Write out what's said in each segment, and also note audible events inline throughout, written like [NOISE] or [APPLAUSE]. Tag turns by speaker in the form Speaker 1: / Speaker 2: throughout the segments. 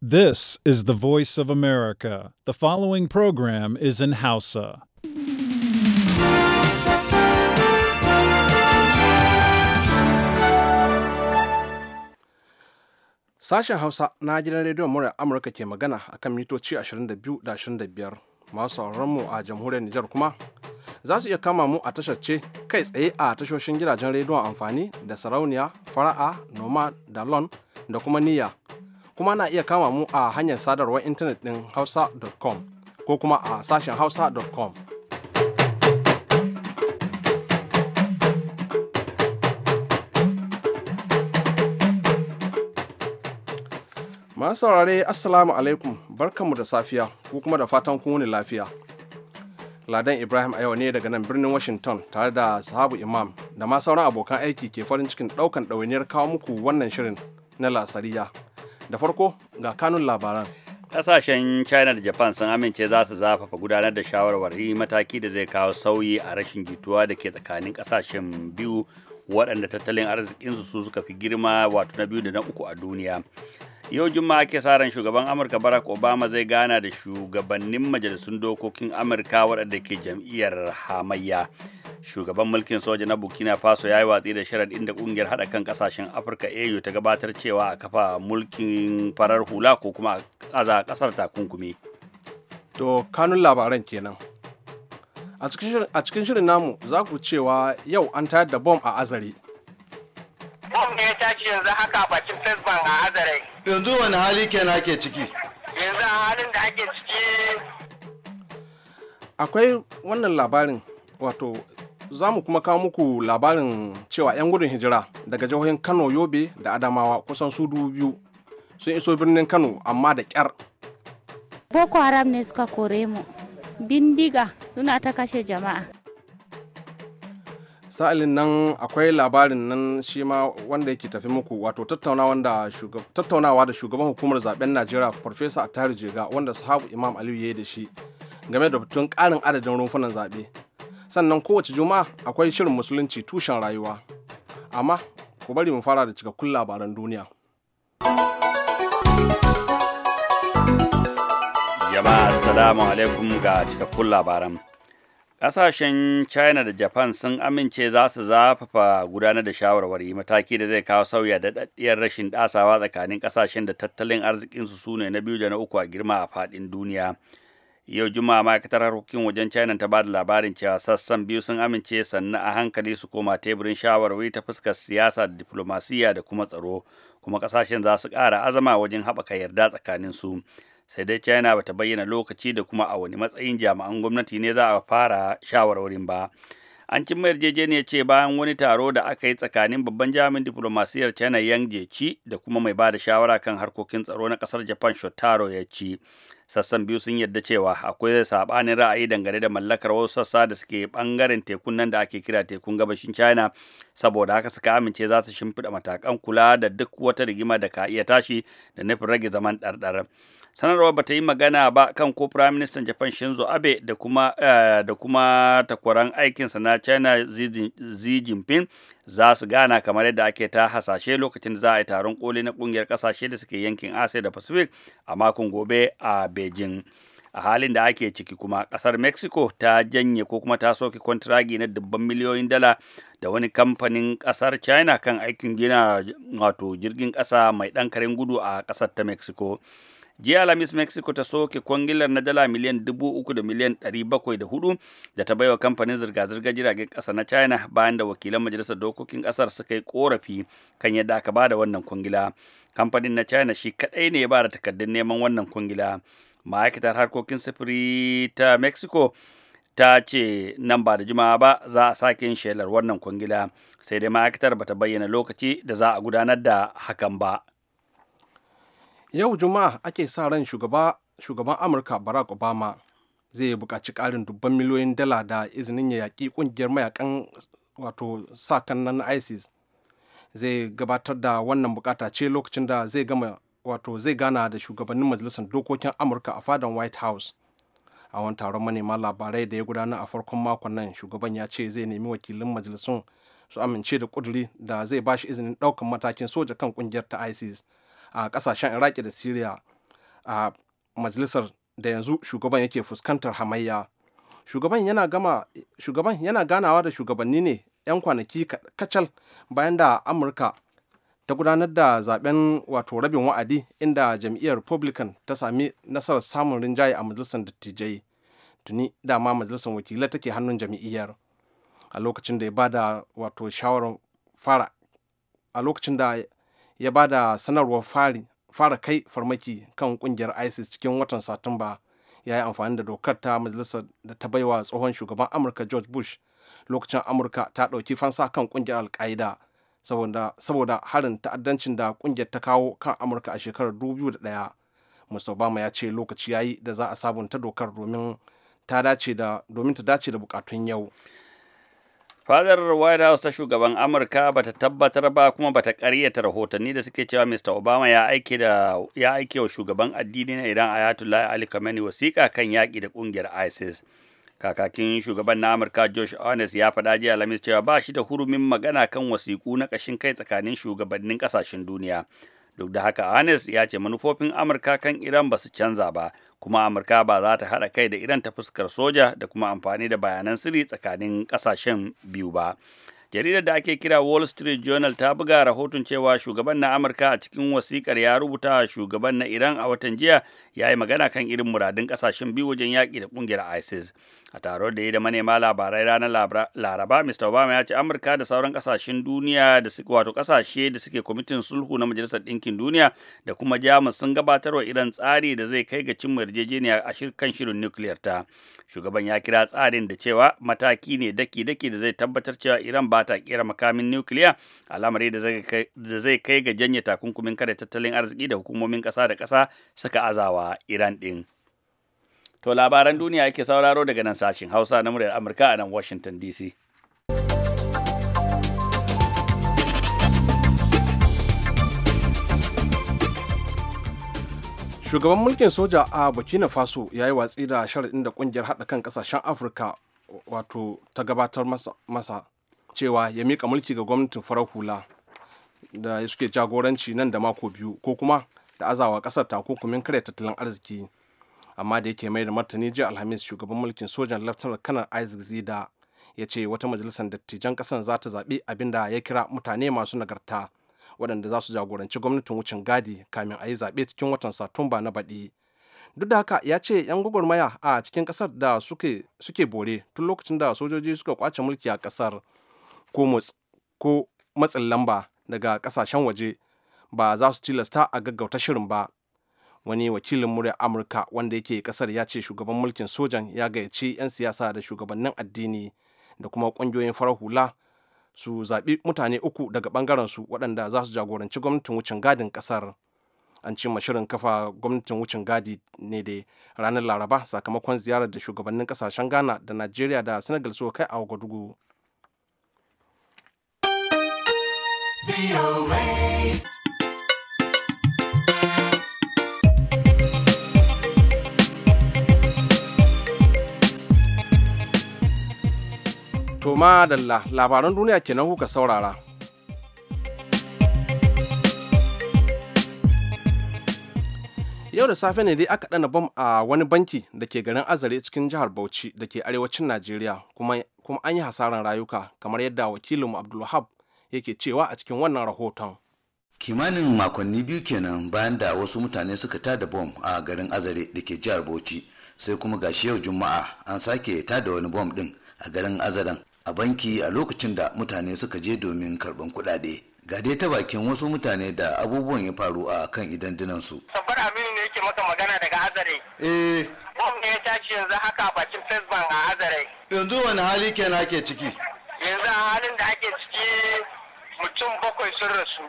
Speaker 1: This is the voice of America. The following program is in Hausa.
Speaker 2: Sashen Hausa na gidan rediyon murar Amurka ke magana akan mitoci 22 da 25 masu mu a jamhuriyar Nijar kuma za su iya kama mu a tashar ce kai tsaye a tashoshin gidajen rediyon amfani da sarauniya, fara'a, noma, da da kuma niyya. kuma na iya kama mu a hanyar sadarwar intanet ɗin hausa.com ko kuma a sashen hausa.com. Masu saurare Assalamu alaikum barkanmu da safiya ko kuma da fatan kuni lafiya. Ladan Ibrahim a yau ne daga nan birnin Washington tare da sahabu Imam da ma sauran abokan aiki ke farin cikin ɗaukan ɗawainiyar kawo muku wannan shirin na lasariya da farko ga kanun labaran
Speaker 3: kasashen china da japan sun amince za su zafafa gudanar da shawarwari mataki da zai kawo sauyi a rashin jituwa da ke tsakanin kasashen biyu waɗanda tattalin arzikinsu su suka fi girma wato na biyu da na uku a duniya yau juma'a ake sa ran shugaban amurka barack obama zai gana da shugabannin majalisun dokokin amurka waɗanda ke jam'iyyar hamayya shugaban mulkin soja na burkina faso ya yi watsi da shirin inda kungiyar haɗa kan ƙasashen afirka au ta gabatar cewa a kafa mulkin farar hula ko kuma a ƙasar takunkumi to kanun labaran kenan
Speaker 2: a cikin shirin namu za ku cewa yau an tayar da bom a azare
Speaker 4: bom ne ya tashi yanzu haka bakin first bank
Speaker 5: a azare
Speaker 2: yanzu wani hali kenan ake ciki yanzu a halin da ake ciki akwai wannan labarin wato za mu kuma kawo muku labarin cewa 'yan gudun hijira daga jihohin kano yobe da adamawa kusan su dubu biyu sun iso birnin kano amma da kyar
Speaker 3: boko haram ne suka kore mu
Speaker 1: bindiga suna ta kashe jama'a
Speaker 2: sa'ilin nan akwai labarin nan shi ma wanda yake tafi muku wato tattaunawa da shugaban hukumar zaben najeriya farfesa atari jega wanda sahabu imam aliyu ya yi da shi game da batun karin adadin rumfunan zaɓe sannan kowace juma'a akwai shirin musulunci tushen rayuwa amma ku bari mu fara da cikakkun labaran duniya.
Speaker 3: jama'a assalamu alaikum ga cikakkun labaran ƙasashen china da japan sun amince za su zafafa gudanar da shawarwari mataki da zai kawo sauya daɗaɗɗiyar rashin ɗasawa tsakanin ƙasashen da tattalin arzikinsu su ne na biyu da na uku a girma a fadin duniya yau juma'a ma'aikatar harkokin wajen china ta ba da labarin cewa sassan biyu sun amince sannan a hankali su koma teburin shawarwari ta fuskar siyasa da diplomasiya da kuma tsaro kuma ƙasashen za su ƙara azama wajen haɓaka yarda tsakanin su sai dai china bata bayyana lokaci da kuma a wani matsayin jami'an gwamnati ne za a fara shawarwarin ba an cin yarjejeniyar ce bayan wani taro da aka yi tsakanin babban jami'in diplomasiyyar china yang jeci da kuma mai ba da shawara kan harkokin tsaro na kasar japan shotaro ya ci sassan biyu sun yarda cewa akwai sabanin ra'ayi dangane da mallakar wasu sassa da suke ɓangaren tekun nan da ake kira tekun gabashin china saboda haka suka amince za su shimfiɗa matakan kula da duk wata rigima da ka iya tashi da nufin rage zaman ɗarɗar sanarwar ba ta yi magana ba kan ko firaministan japan shinzo abe da kuma, eh, da kuma takwaran aikinsa na china xi jinping za su gana kamar yadda ake ta hasashe lokacin da za a yi taron koli na kungiyar kasashe da suke yankin asiya da pacific a makon gobe a beijing a halin da ake ciki kuma kasar mexico ta janye ko kuma ta soke kwantiragi na dubban miliyoyin dala da wani kamfanin kasar china kan aikin gina wato jirgin kasa mai dan karen gudu a kasar ta mexico jiya alhamis mexico ta soke kwangilar na dala miliyan dubu uku da miliyan ɗari bakwai da hudu da ta baiwa kamfanin zirga-zirgar jiragen kasa na china bayan da wakilan majalisar dokokin ƙasar suka yi korafi kan yadda aka bada wannan kwangila kamfanin na china shi kaɗai ne ya ba da takardun neman wannan kwangila ma'aikatar harkokin sufuri ta mexico ta ce nan ba da juma'a ba za a sake yin shelar wannan kwangila sai dai ma'aikatar ba ta bayyana lokaci da za a gudanar da hakan ba
Speaker 2: yau juma'a ake sa ran shugaban amurka barack obama zai buƙaci ƙarin dubban miliyoyin dala da izinin ya yaƙi ƙungiyar mayakan wato sa kan nan isis zai gabatar da wannan bukata ce lokacin da zai gama wato zai gana da shugabannin majalisar dokokin amurka a fadan white house a wani taron manema labarai da ya gudana a farkon makon nan shugaban ya ce zai nemi wakilin majalisun su amince da kuduri da zai ba shi izinin daukan matakin soja kan kungiyar ta isis a kasashen iraki da syria a majalisar da yanzu shugaban yake fuskantar hamayya shugaban yana shugaban yana ganawa da shugabanni ne 'yan kwanaki kacal bayan da amurka ta gudanar da zaben wato rabin wa'adi inda jam'iyyar republican ta sami nasarar samun rinjaye a majalisar dattijai tuni dama majalisar wakilai take hannun jam'iyyar a lokacin da ya bada wato shawarar fara a lokacin da ya bada sanarwar fara kai farmaki kan kungiyar isis cikin watan satumba ya yi amfani da dokar ta majalisar da ta baiwa tsohon shugaban amurka george bush lokacin amurka ta ɗauki fansa kan kungiyar al saboda harin ta'addancin da kungiyar ta kawo kan amurka a shekarar da 2001 mr obama ya ce lokaci yayi da za a sabunta dokar domin ta dace da domin ta dace da bukatun yau
Speaker 3: fadar white house ta shugaban amurka bata tabbatar ba kuma bata karyata rahotanni da suke cewa mr obama ya aike da ya aike wa shugaban addini na iran ayatollah ali khamenei wasiƙa kan yaƙi da ƙungiyar isis kakakin shugaban na amurka josh Ernest ya faɗa jiya lamis cewa ba shi da hurumin magana kan wasiƙu na ƙashin kai tsakanin shugabannin ƙasashen duniya duk da haka Ernest ya ce manufofin amurka kan iran ba su canza ba kuma amurka ba za ta haɗa kai da iran ta fuskar soja da kuma amfani da bayanan sirri tsakanin ƙasashen biyu ba jaridar da ake kira wall street journal ta buga rahoton cewa shugaban na amurka a cikin wasikar ya rubuta shugaban na iran a watan jiya ya yi magana kan irin muradun ƙasashen biyu wajen yaƙi da ƙungiyar isis a taron da ya da manema labarai ranar laraba mr obama ya ce amurka da sauran kasashen duniya da suke wato kasashe da suke kwamitin sulhu na majalisar ɗinkin duniya da kuma jamus sun gabatar wa irin tsari da zai kai ga cin yarjejeniya a kan shirin nukiliyar ta shugaban ya kira tsarin da cewa mataki ne daki-daki da zai tabbatar cewa iran ba ta kera makamin nukiliya al'amari da zai kai ga janye takunkumin kada tattalin arziki da hukumomin ƙasa da ƙasa suka azawa iran ɗin. To labaran duniya yake sauraro daga nan sashin Hausa na muryar Amurka a nan Washington DC.
Speaker 2: Shugaban mulkin soja a Burkina Faso ya yi watsi da sharaɗin da ƙungiyar haɗa kan ƙasashen Afirka wato ta gabatar masa cewa ya mika mulki ga gwamnatin farar hula da suke jagoranci nan da mako biyu ko kuma da azawa ƙasar takunkumin karya tattalin arziki. amma da yake mai da martani jiya alhamis shugaban mulkin sojan laftanar kanar isaac zida ya ce wata majalisar dattijan kasan za ta zaɓi abin da ya kira mutane masu nagarta waɗanda za su jagoranci gwamnatin wucin gadi kamin a yi zaɓe cikin watan satumba na baɗi duk da haka ya ce 'yan gwagwarmaya a cikin ƙasar da suke bore tun lokacin da sojoji suka kwace mulki a ƙasar ko matsin lamba daga kasashen waje ba za su tilasta a gaggauta shirin ba wani wakilin murya amurka wanda yake kasar ya ce shugaban mulkin sojan ya gayyaci 'yan siyasa da shugabannin addini da kuma ƙungiyoyin farar hula su zaɓi mutane uku daga ɓangarensu waɗanda za su jagoranci gwamnatin wucin gadin ƙasar an ci shirin kafa gwamnatin wucin gadi ne da ranar laraba sakamakon ziyarar da shugabannin ƙasashen ghana da najeriya da senegal suka kai a wagadugu ma da labaran duniya kenan kuka saurara. Yau da safe ne dai aka ɗana bam a wani banki da ke garin Azare cikin jihar Bauchi da ke arewacin Najeriya kuma an yi hasaran rayuka kamar yadda wakilinmu Abdulwahab yake cewa a cikin wannan rahoton.
Speaker 5: Kimanin makonni biyu kenan bayan da wasu mutane suka tada bom a garin Azare da ke jihar Bauchi sai kuma gashi yau Juma'a an sake tada wani bom din a garin Azaren a banki a lokacin da mutane suka je domin karban kuɗaɗe ga dai ta bakin wasu mutane da abubuwan ya faru a kan idan su. Sabbar
Speaker 4: Aminu ne yake maka magana daga Azare. Eh. ya tashi yanzu haka a bakin Facebook a Azare.
Speaker 5: Yanzu wani hali kenan ake ciki?
Speaker 4: Yanzu a halin da ake ciki mutum bakwai sun rasu.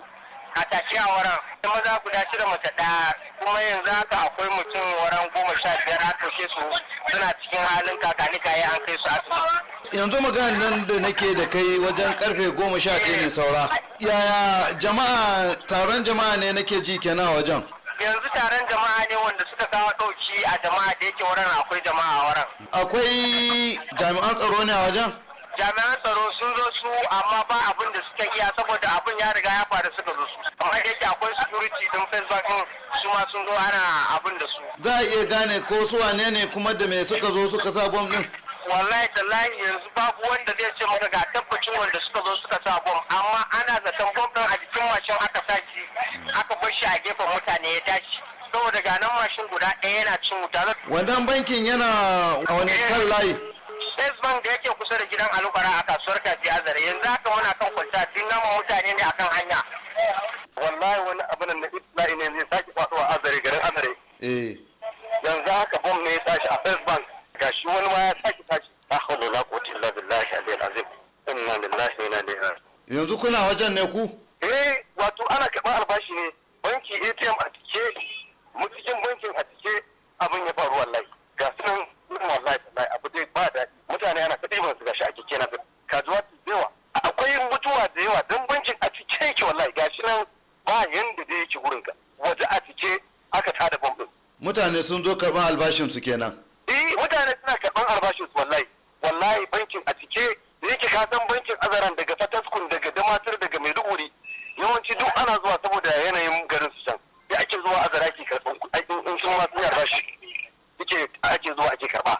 Speaker 4: a tashi a waran maza guda shida mace ɗaya kuma yanzu haka akwai mutum wuran goma sha biyar a kai su suna cikin halin kakani kaye an kai su asibiti.
Speaker 5: yanzu magana nan da nake da kai wajen karfe goma sha ɗaya ne saura yaya jama'a taron jama'a ne nake ji kenan wajen.
Speaker 4: yanzu taron jama'a ne wanda suka kawo ɗauki a jama'a da yake wuran akwai jama'a a wuran.
Speaker 5: akwai jami'an tsaro ne a wajen.
Speaker 4: jami'an tsaro sun zo su amma ba abin da suka iya saboda abin ya riga ya faru suka zo su amma
Speaker 5: yake akwai security din facebook su ma sun zo ana abin da su za a iya gane ko su wane ne kuma da me suka zo suka sa bom din
Speaker 4: wallahi lahi yanzu babu wanda zai ce maka ga tabbacin wanda suka zo suka sa bom amma ana zaton bom din a jikin mashin aka saki aka bar shi a gefen mutane ya tashi saboda ga nan mashin guda ɗaya yana cin wuta
Speaker 5: wannan bankin yana a wani kan layi
Speaker 4: first bank da yake kusa da gidan alubara a kasuwar kaji azare yanzu haka muna kan kwanta din nama mutane ne akan hanya wallahi wani abin da ibla'i ne zai sake kwatowa azare garin azare eh. yanzu haka bom ne ya tashi a first bank gashi wani ma ya sake tashi la hawla quwwata illa billahi al-azim inna lillahi wa inna ilaihi raji'un
Speaker 5: yanzu kuna wajen ne ku sun zo karɓar albashin su kenan
Speaker 4: eh mutane suna karɓar albashin su wallahi wallahi bankin a cike yake ka san bankin azaran daga fataskun daga damatar daga maiduguri yawanci duk ana zuwa saboda yanayin garin su can sai ake zuwa azara ke karɓar in sun ma sun yarda shi ake zuwa ake karɓa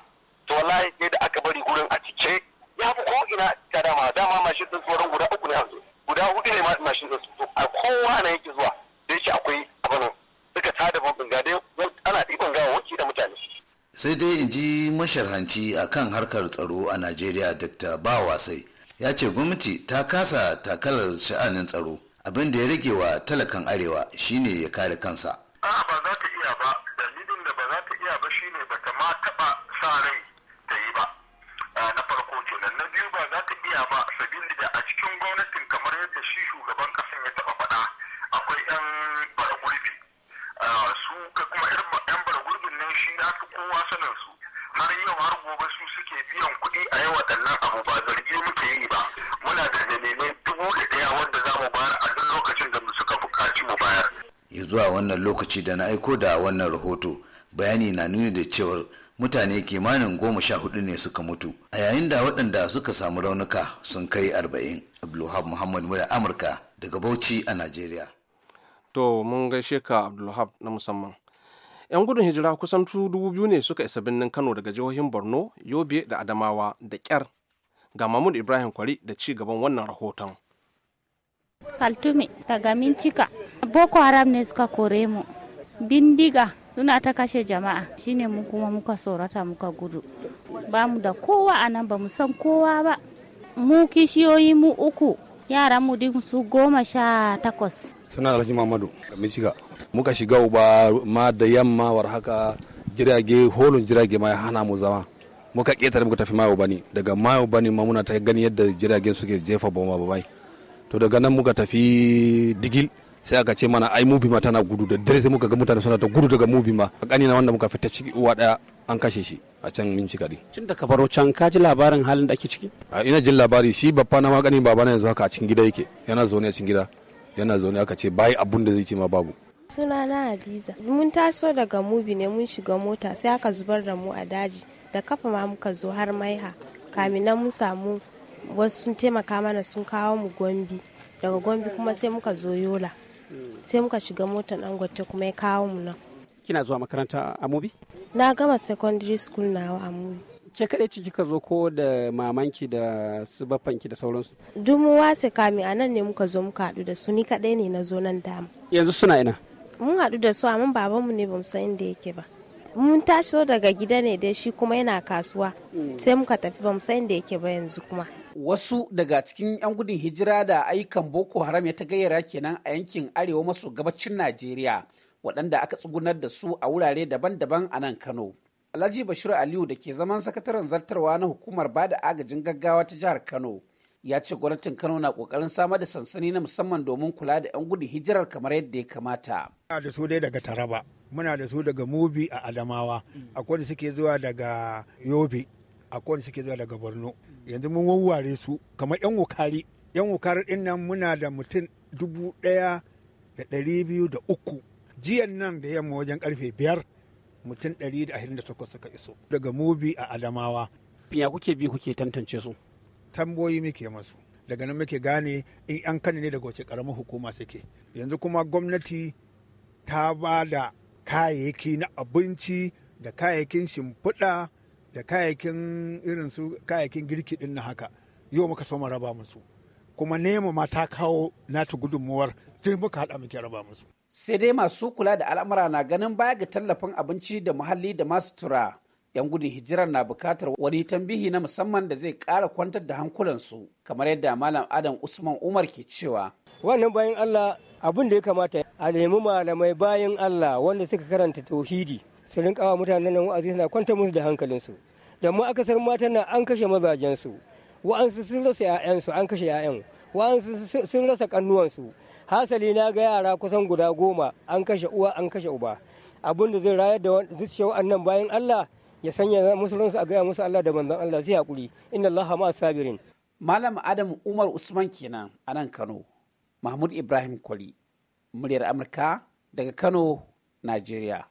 Speaker 5: masharhanci a kan harkar tsaro a najeriya dr bawasai ya ce gwamnati ta kasa takalar sha'anin tsaro abin da ya rage wa talakan arewa shine ya kare kansa zuwa wannan lokaci da na aiko da wannan rahoto bayani na nuni da cewar mutane kimanin goma sha hudu ne suka mutu a yayin da waɗanda suka samu raunuka sun kai arba'in abdulhab muhammad mura amurka daga bauchi a najeriya
Speaker 2: to mun gaishe ka abdulhab na musamman yan gudun hijira kusan dubu biyu ne suka isa birnin kano daga jihohin borno yobe da adamawa da kyar ga mahmud ibrahim kwari da ci gaban wannan rahoton
Speaker 3: Kaltumi, daga Mincika boko haram ne suka kore mu bindiga
Speaker 1: suna ta kashe jama'a shine mu kuma muka tsorata muka gudu ba mu da
Speaker 4: kowa a nan ba mu san kowa ba mu kishiyoyi mu uku yaran mu din
Speaker 3: su goma sha takwas
Speaker 1: suna alhaji mamadu michiga muka shiga uba ma da yamma war haka jirage holin jirage ma ya hana mu zama muka ketare muka tafi mayo bani daga mayo bani ma muna ta gani yadda jiragen suke jefa bomba babai to daga nan muka tafi digil sai aka ce mana ai mubi ma tana gudu da dare sai muka ga mutane suna ta gudu daga mubi ma kanina wanda muka fita ciki uwa daya an kashe shi a can min cikari tun da kabaro can ka ji labarin halin da ake ciki a ina jin labari shi babba na ma baba babana yanzu haka a cikin gida yake yana zaune a cikin gida yana zaune aka ce bai abun da zai ce ma babu suna na hadiza mun taso daga mubi ne mun shiga mota sai aka zubar da mu a daji da kafa ma muka zo har maiha kamin nan mun samu wasu sun taimaka mana sun kawo mu gombi daga gombi kuma sai muka zo yola sai muka shiga mota dangote kuma ya kawo mu nan kina zuwa makaranta a mubi na gama secondary school nawa a mubi ke kaɗai ce kika zo ko da mamanki da su bafanki da sauransu dumu mu wase kami a nan ne muka zo muka haɗu da su ni kaɗai ne na zo nan dama yanzu suna ina mun haɗu da su amma babanmu ne bamu san inda yake ba mun tashi daga gida ne dai shi kuma yana kasuwa mm. sai muka tafi bamu san inda yake ba yanzu kuma Wasu daga cikin 'yan gudun hijira da ayyukan Boko Haram ya ta gayyara kenan a yankin arewa maso gabacin Najeriya waɗanda aka tsugunar da su a wurare daban-daban a nan Kano. Alhaji Bashir Aliyu da ke zaman sakataren zartarwa na hukumar ba da agajin gaggawa ta jihar Kano ya ce gwamnatin Kano na kokarin samar da sansani na musamman domin kula da 'yan gudun hijirar kamar yadda ya kamata. Muna da su dai daga Taraba, muna da su daga Mubi a Adamawa, mm. akwai da suke zuwa daga Yobe, akwai da suke zuwa daga Borno. yanzu mun wawware su kamar yan wukari yan wukari din nan muna da mutum dubu ɗaya da ɗari biyu da uku jiyan nan da yamma wajen karfe biyar mutum ɗari da ashirin da takwas suka iso daga mubi a adamawa ya kuke bi kuke tantance su tamboyi muke masu daga nan muke gane in yan kane ne daga wace karamar hukuma suke yanzu kuma gwamnati ta ba da kayayyaki na abinci da kayayyakin shimfiɗa da kayayyakin irin su kayayyakin girki din na haka yau muka so mu raba musu kuma nema ma ta kawo nata gudunmuwar tun muka haɗa muke raba musu sai dai masu kula da al'amura na ganin baya ga tallafin abinci da muhalli da masu tura yan gudun hijirar na bukatar wani tambihi na musamman da zai ƙara kwantar da hankulansu kamar yadda malam adam usman umar ke cewa
Speaker 4: wannan bayan allah abin da ya kamata a nemi malamai bayan allah wanda suka karanta tauhidi su rinka wa mutanen nan wa'azi suna kwanta musu da hankalinsu da mu akasar matan nan an kashe mazajensu wa'ansu sun rasa 'ya'yansu an kashe 'ya'yan wa'ansu sun rasa kannuwansu hasali na ga yara kusan guda goma an kashe uwa an kashe uba abin da zai rayar da zuciya wa'annan bayan Allah ya sanya musulunsu a gaya musu Allah da manzon Allah sai hakuri inna Allah ma sabirin Malam Adam Umar Usman kenan a nan Kano
Speaker 2: Mahmud Ibrahim Kwali muryar Amurka daga Kano Najeriya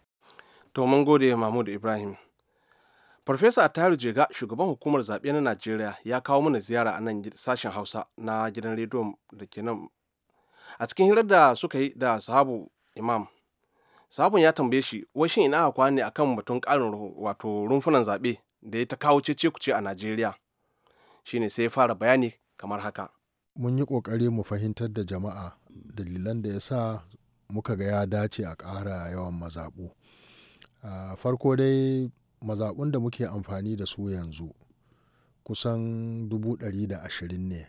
Speaker 2: To mun gode Mahmud Ibrahim. Farfesa Attaru Jega, shugaban hukumar zaɓe na Najeriya, ya kawo mana ziyara a nan sashen Hausa na gidan rediyon da ke nan. A cikin hirar da suka yi da sahabu Imam, sahabun ya tambaye shi, washin ina aka ne akan batun ƙarin wato rumfunan zaɓe da ya ta kawo cece kuce a Najeriya. Shine sai ya fara bayani kamar haka.
Speaker 6: Mun yi ƙoƙari mu fahimtar da jama'a dalilan da ya sa muka ga ya dace a ƙara yawan mazaɓu. farko dai mazaɓun da muke amfani da su yanzu kusan dubu ɗari da ashirin ne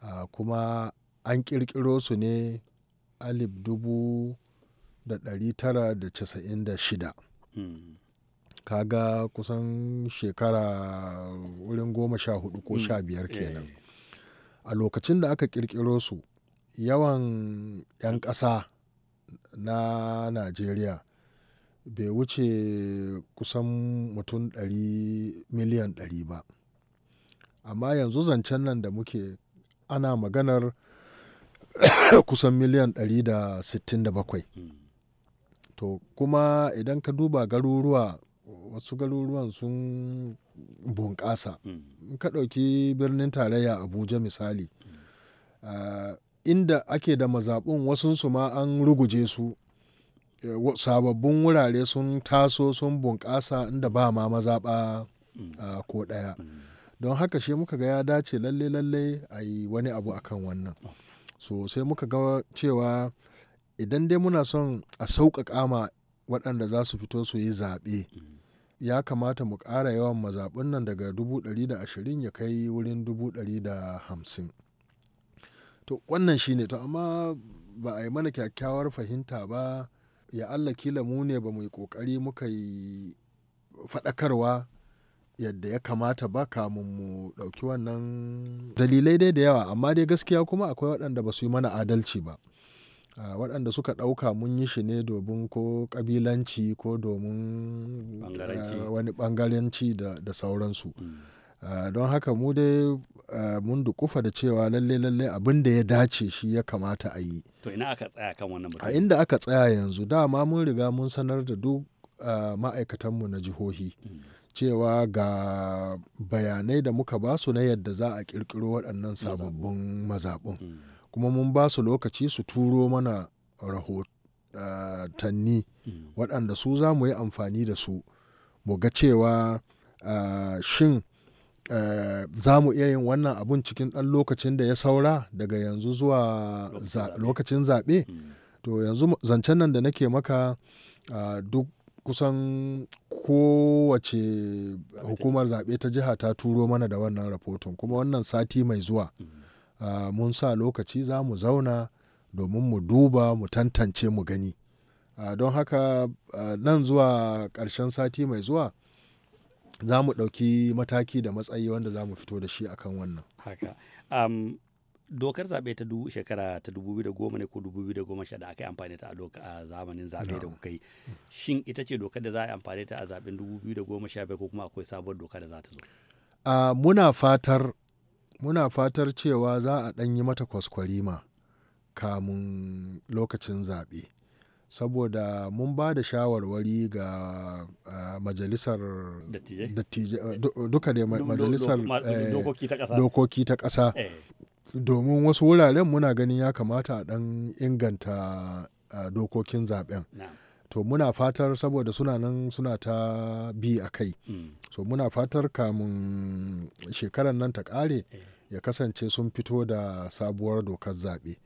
Speaker 6: a kuma an ƙirƙiro su ne alif dubu da ɗari tara da casa'in da shida kaga kusan shekara wurin goma sha hudu ko sha biyar mm. kenan eh. a lokacin da aka ƙirƙiro su yawan 'yan ƙasa na najeriya bai wuce kusan mutum ɗari miliyan ɗari ba amma yanzu zancen nan da muke ana maganar [COUGHS] kusan miliyan ɗari da sittin da bakwai to kuma idan ka duba garuruwa wasu garuruwan sun bunƙasa in ka ɗauki birnin tarayya abuja misali ah, inda ake da mazaɓin wasunsu ma an ruguje su Eh, sababbin wurare sun taso sun bunƙasa inda ba ma mazaɓa mm. ah, ko ɗaya mm. don haka shi muka ga ya dace lalle lalle a yi wani abu akan wannan oh. so sai muka ga cewa idan dai muna son a sauƙaƙa ma waɗanda za su fito su yi zaɓe mm. ya kamata mu ƙara yawan mazaɓin nan daga 120 ya kai wurin 150 to wannan shi ne to amma ba a yi mana kyakkyawar fahimta ba ya Allah kila mu ne ba mu yi ƙoƙari muka yi faɗakarwa yadda ya kamata ba kamun mu ɗauki wannan dalilai dai da yawa amma dai gaskiya kuma akwai waɗanda ba su yi mana adalci ba waɗanda suka ɗauka mun yi shi ne domin ko ƙabilanci ko domin wani ɓangaranci da, da sauransu mm. Eh, don haka mu dai eh, mun dukufa da cewa lalle lalle abin da ya dace shi ya kamata a yi
Speaker 3: to ina aka tsaya kan wannan a
Speaker 6: inda aka tsaya yanzu dama mun riga mun sanar da duk eh, ma'aikatanmu na jihohi hmm. cewa ga bayanai da muka ba su na yadda za a kirkiro waɗannan sababbin mazaɓun hmm. kuma mun ba su lokaci su turo mana rahotanni hmm. waɗanda su za mu yi amfani da su mu ga cewa shin Eh, za mu iya yin wannan abun cikin ɗan lokacin da ya saura daga yanzu zuwa lokacin zaɓe mm. to yanzu zancen nan da nake maka ah, duk kusan kowace hukumar zaɓe ta jiha ta turo mana da wannan rahoton kuma wannan sati mai zuwa mm. ah, mun sa lokaci za mu zauna domin mu duba mu tantance mu gani ah, don haka nan zuwa ƙarshen sati mai zuwa za mu ɗauki mataki da matsayi wanda za mu fito da shi akan wannan
Speaker 3: haka um, dokar zaɓe ta dubu shekara ta dubu biyu da goma ne ko dubu biyu da goma sha da aka yi amfani ta a zamanin zaɓe da kuka yi shin ita ce dokar da za a yi amfani ta a zaɓen dubu biyu da goma sha ko kuma akwai sabuwar doka da za ta zo
Speaker 6: uh, muna fatar muna fatar cewa za a ɗan yi mata kwaskwarima kamun lokacin zaɓe saboda mun ba da shawarwari ga majalisar eh, duka majalisar eh, dokoki ta ƙasa eh. domin wasu wuraren muna ganin ya kamata a ɗan inganta dokokin zaben to muna fatar saboda suna nan suna ta bi a kai hmm. so muna fatar kamun shekarar nan ta ƙare ya kasance sun fito da sabuwar dokar zaɓe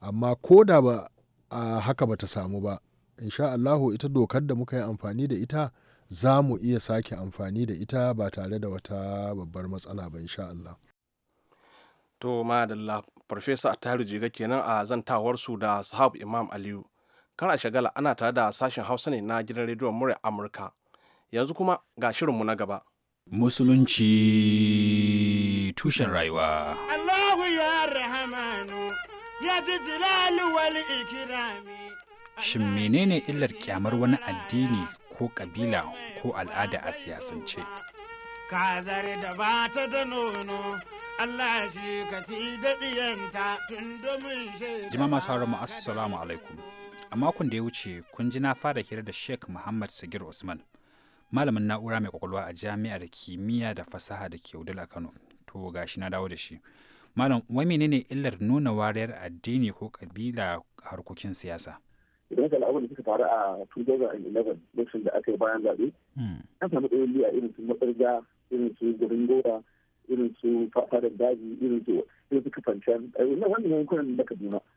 Speaker 6: amma ko da ba a haka bata samu ba insha Allahu ita dokar da muka yi amfani da ita za mu iya sake amfani da ita ba tare da wata babbar matsala ba insha Allah.
Speaker 2: To madalla professor Attahiru Jiga kenan a zantawar su da Sahab Imam Aliyu. Kar shagala ana tare da sashen Hausa ne na gidan rediyon murya Amurka. Yanzu kuma ga shirinmu na gaba.
Speaker 1: Musulunci tushen rayuwa.
Speaker 4: Allahu ya ji jilali ikirami
Speaker 1: shin menene illar kyamar wani addini ko kabila ko al'ada a siyasance ka
Speaker 4: kazar da ba ta da nono Allah shi ka fi ɗiyanta tun domin shi jima
Speaker 1: masu haramu assalamu alaikum a makon da ya wuce kun ji na fara hira da sheikh muhammad sagir usman malamin na'ura mai kwakwalwa a jami'ar kimiyya da fasaha da ke udala kano to gashi na dawo da shi malam wai menene illar nuna wariyar addini ko kabila harkokin siyasa
Speaker 7: idan ka abin da suka faru a 2011 lokacin da aka yi bayan zaɓe hmm. an samu ɗayan a irin su matsarga irin su gurin gora irin su fadar daji irin su irin su kafanciyar na wannan yankunan da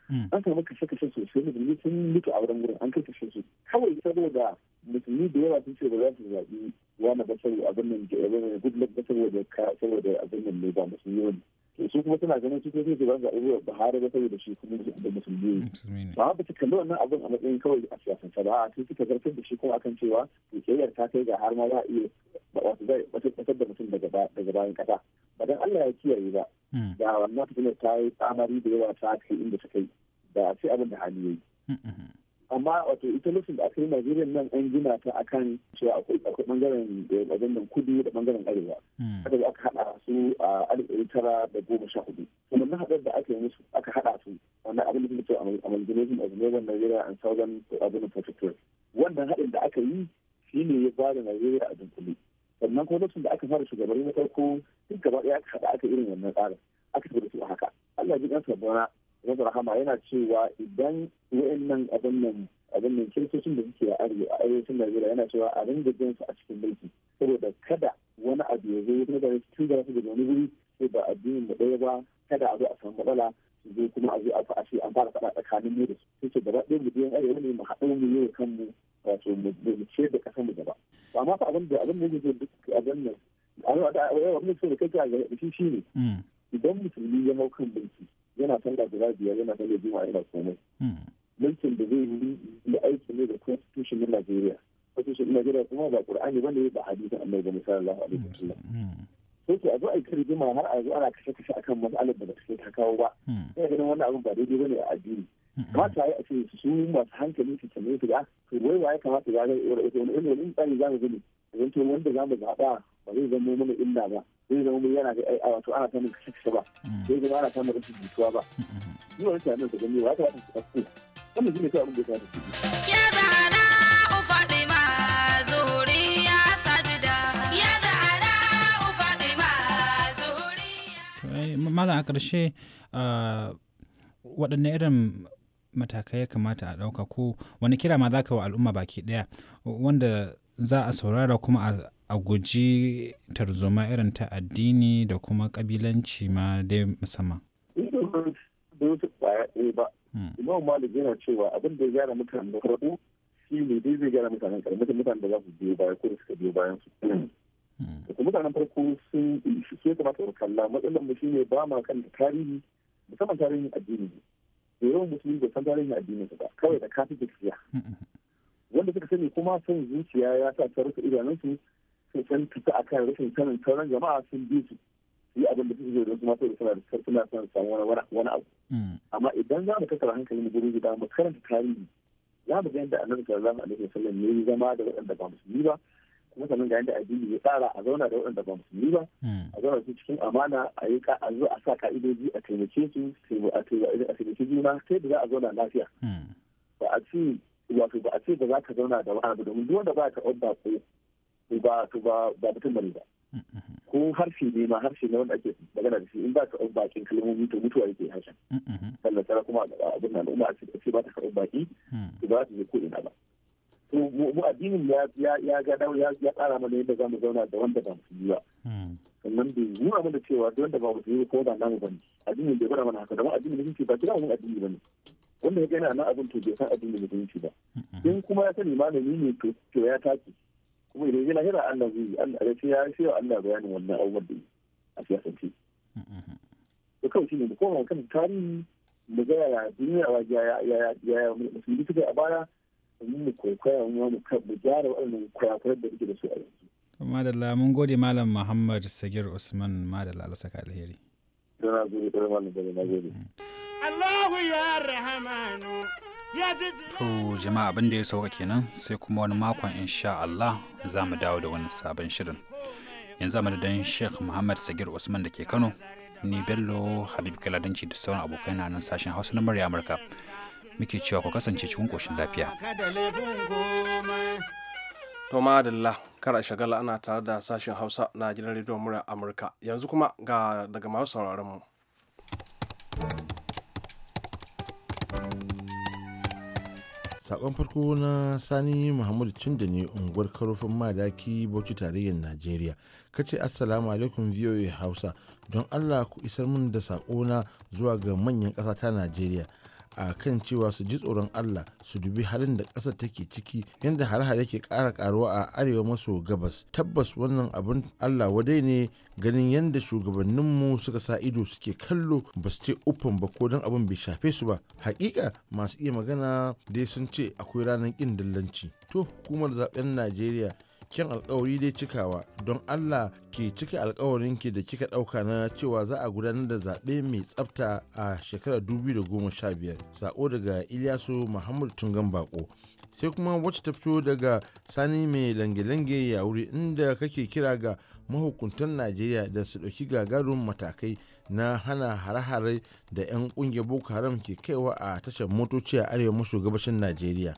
Speaker 7: hmm. an samu kashe-kashe sosai musulmi sun mutu a wurin wurin an kashe su kawai saboda musulmi da yawa sun ce ba za su zaɓi wani ba saboda abin nan da ya gudu ba saboda abin nan ne ba musulmi wani su kuma suna ganin su sun shiga ga wa Buhari ba saboda shi kuma da musulmi ba ba su kalli wannan abin a matsayin kawai a siyasance ba a sun suka zartar da shi kuma akan cewa kiyayyar ta kai ga har ma za a iya wasu zai wata da mutum daga bayan kasa ba dan Allah ya kiyaye ba hmm. da wannan fitinar ta yi tsamari da yawa ta kai inda ta kai da ce abin da hali yi hmm, hmm, amma wato ita nufin da aka yi najeriya nan an gina ta akan cewa akwai bangaren eh, wajen kudu da bangaren arewa hmm. aka yi aka hada su a alif ɗari tara da goma sha hudu wannan haɗar da aka yi musu aka hada su wannan abin da suka ce amalgamation of northern najeriya and southern abin wannan haɗin da aka yi shine ya ba da najeriya a dunkule sannan kuma lokacin da aka fara shugabanni na farko duk gaba ɗaya aka haɗa aka irin wannan tsarin aka tafi da su a haka allah ya ji ɗan sabona rasa rahama yana cewa idan wa'annan abin nan abin nan da suke a arewacin najeriya yana cewa a ringa jin su a cikin mulki saboda kada wani abu ya zo ya da su tun da su daga wuri sai ba addinin mu ɗaya ba kada a zo a samu matsala su zo kuma a zo a fa an fara faɗa tsakanin mu da su sai ce gaba ɗaya mu biyan arewa ne mu haɗu mu yi kanmu wato mu ce da ƙasar mu gaba amma fa abin da abin da yake duk abin nan a yau da kai ga shi ne mm. idan musulmi ya hau kan mulki yana talla guda biyar yana sallah juma'a yana komai hmm. mulkin da zai yi da aiki ne da constitution na Najeriya constitution na Najeriya kuma ba Qur'ani ne ba hadisin Annabi Muhammad sallallahu alaihi wasallam hmm. hmm. sai ke a zo a yi rigima har a zo ana kashe kashe akan matsalar da ba ta ta kawo ba ina ganin wannan abin ba daidai ne a addini kamata a ce su masu hankali su tambaye su ga to wai waye kamata ya ga wani irin tsari za mu gani zanto wanda za mu zaɓa ba zai zama mana illa ba zai zama mun yana da ai wato ana samun kashe kashe ba mm. zai zama ana samun rashin jituwa ba ni wani tsarin da gani wata wata su ɗauko wannan shi ne
Speaker 1: kawai abin da ya kamata ya zana ya mala a ƙarshe uh, waɗanne irin matakai ya kamata a ɗauka ko wani kira ma za ka wa al'umma baki ɗaya wanda za a saurara kuma a guji tarzoma irin ta addini da kuma kabilanci ma dai musamman.
Speaker 7: wasu kwaya ɗaya ba. Hmm. Malik yana cewa abin da ya gyara mutanen farko shi ne dai zai gyara mutanen karamar mutanen da za su biyo baya ko suka biyo bayan su. Da hmm. mutanen farko sun shi su ya kamata mu kalla matsalar mu shine ba ma kan tarihi musamman tarihin addini. Yawan musulmi da san tarihin addinin ba kawai da kafin tafiya. wanda suka sani kuma son zuciya ya sa ta rufe idanunsu sun san fita a kan rashin sanin sauran jama'a sun bi su yi abin da suke don su ma da suna son samu wani abu hmm. amma idan za mu tattara hankali mu gurin gida mu karanta tarihi za mu ga yadda a sallallahu alaihi wasallam ya zama da waɗanda ba musulmi ba kuma sannan ga yadda addini ya tsara a zauna da waɗanda ba musulmi ba hmm. a zauna su cikin amana a yi a zo a sa ka'idoji a taimake su a taimake juna sai da za a zauna lafiya hmm. ba a ci wato ba a ce ba za ka zauna da wani abu domin duk wanda ba ka odda ko ba to ba ba mutum bane ba ko harshe ne ma harshe ne wanda ake magana da shi in ba ka odda bakin kalmomi to mutuwa yake harshen sannan sana kuma a abin nan umma a ce ba ta karɓar baki to ba za ta je ko ina ba to mu addinin ya ya ya ga ya ya tsara mana yadda za mu zauna da wanda ba musulmi ba sannan bai nuna mana cewa da wanda ba musulmi ko da namu ne addinin bai gwada mana haka da mu addinin ne ba kira mu addini ne wanda yake yana nan abin to bai san abin da musulunci ba in kuma ya sani malami ne to to ya take kuma idan yana yana Allah zai Allah ya ce ya ce Allah bayanin wannan abubuwan da a siyasance to kawai shine da kowa kan tarihi mu ga yaya duniya wa ya ya ya musulmi suka a baya mu kokoya mu mu mu gyara wannan kurakuran da suke da su a yanzu
Speaker 1: madalla mun gode malam muhammad sagir usman madalla alsaka alheri
Speaker 7: da na gode da malam da na gode mm. To
Speaker 1: jama'a abin da ya sauka kenan sai kuma wani makon insha Allah za mu dawo da wani sabon shirin. Yanzu a don Sheikh Muhammad Sagir Usman da ke Kano, ni Bello Habib Kaladanci da sauran abokai na nan sashen Hausa na murya Amurka. Muke cewa ku kasance cikin koshin lafiya.
Speaker 2: To madalla kar a shagala ana tare da sashen Hausa na gidan rediyon murya Amurka. Yanzu kuma ga daga masu sauraron mu.
Speaker 8: sakon farko na sani muhammadu cinda ne unguwar karofin madaki bauchi tarayyar najeriya kace assalamu alaikum voa hausa don allah ku isar min da sakona zuwa ga manyan ƙasa ta najeriya a kan cewa su ji tsoron allah su dubi halin da ƙasar take ciki yadda har hare ke ƙara ƙaruwa a arewa maso gabas tabbas wannan abin allah wadai ne ganin yadda shugabanninmu suka sa ido suke kallo ba su ce uffan ba ko don abin bai shafe su ba hakika masu iya magana dai sun ce akwai ranar ƙin dillanci to hukumar zaben najeriya cikakken alkawari dai cikawa don Allah ke cika alkawarinki da kika dauka na cewa za a gudanar da zaɓe mai tsafta a shekarar 2015 sako daga Ilyasu Muhammad Tungan Bako sai kuma wacce ta fito daga sani mai lange-lange ya wuri inda kake kira ga mahukuntan najeriya da su ɗauki gagarumin matakai na hana hare-hare da 'yan ƙungiyar boko haram ke kaiwa a tashar motoci a arewa maso gabashin najeriya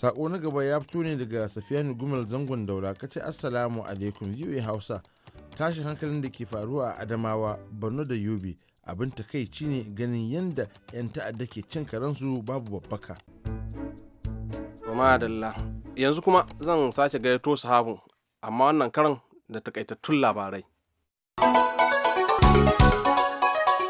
Speaker 8: sako na gaba ya fito ne daga safiyanu gumal zangon daura kace assalamu alaikum yiwe hausa tashin hankalin da ke faruwa a adamawa borno da yobe abin takaici ne ganin yadda 'yan ta'adda ke cin karansu babu babbaka
Speaker 2: yanzu kuma zan sake gayyato sahabu amma wannan karan da takaitattun labarai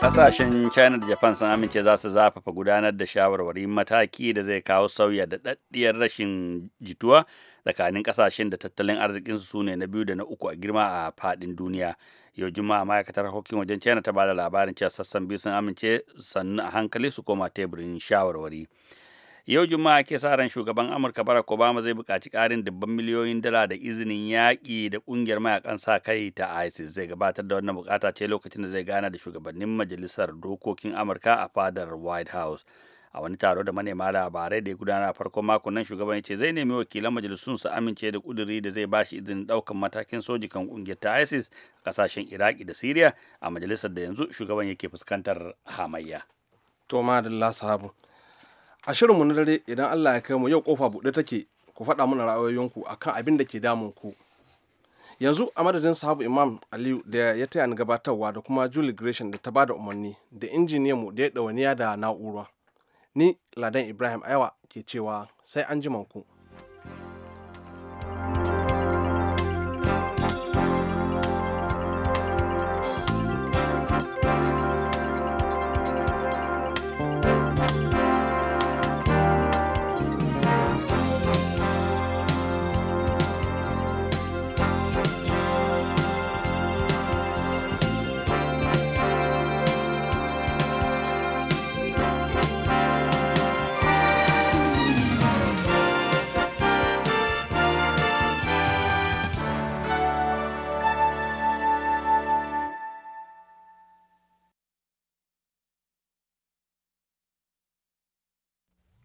Speaker 3: Kasashen China da Japan sun amince za su zafafa gudanar da shawarwari mataki da zai kawo sauya da daddiyar rashin jituwa tsakanin kasashen da tattalin arzikinsu su ne na biyu da na uku a girma a fadin duniya. Yau Juma'a ma'aikatar harkokin wajen China ta bada labarin cewa sassan biyu sun amince sannu a hankali su koma teburin shawarwari. yau juma'a ke sa ran shugaban amurka barack obama zai buƙaci ƙarin dubban miliyoyin dala da izinin yaƙi da ƙungiyar mayakan sa kai ta isis zai gabatar da wannan buƙata ce lokacin da zai gana da shugabannin majalisar dokokin amurka a fadar white house a wani taro da manema labarai da ya gudana a farkon makon nan shugaban ya ce zai nemi wakilan majalisun su amince da kuduri da zai bashi izinin daukan matakin soji kan kungiyar ta isis a kasashen iraki da syria a majalisar da yanzu shugaban yake fuskantar hamayya to madalla
Speaker 2: sahabu a shirinmu na dare idan allah ya kai mu yau kofa buɗe take ku faɗa mana ra'ayoyinku akan abin da ke damun ku yanzu a madadin sahabu imam aliyu da ya taya ni gabatarwa da kuma julie gresham da ta bada umarni da injiniyan mu da ya ɗawaniya da na'ura ni ladan ibrahim ayawa ke cewa sai an ku.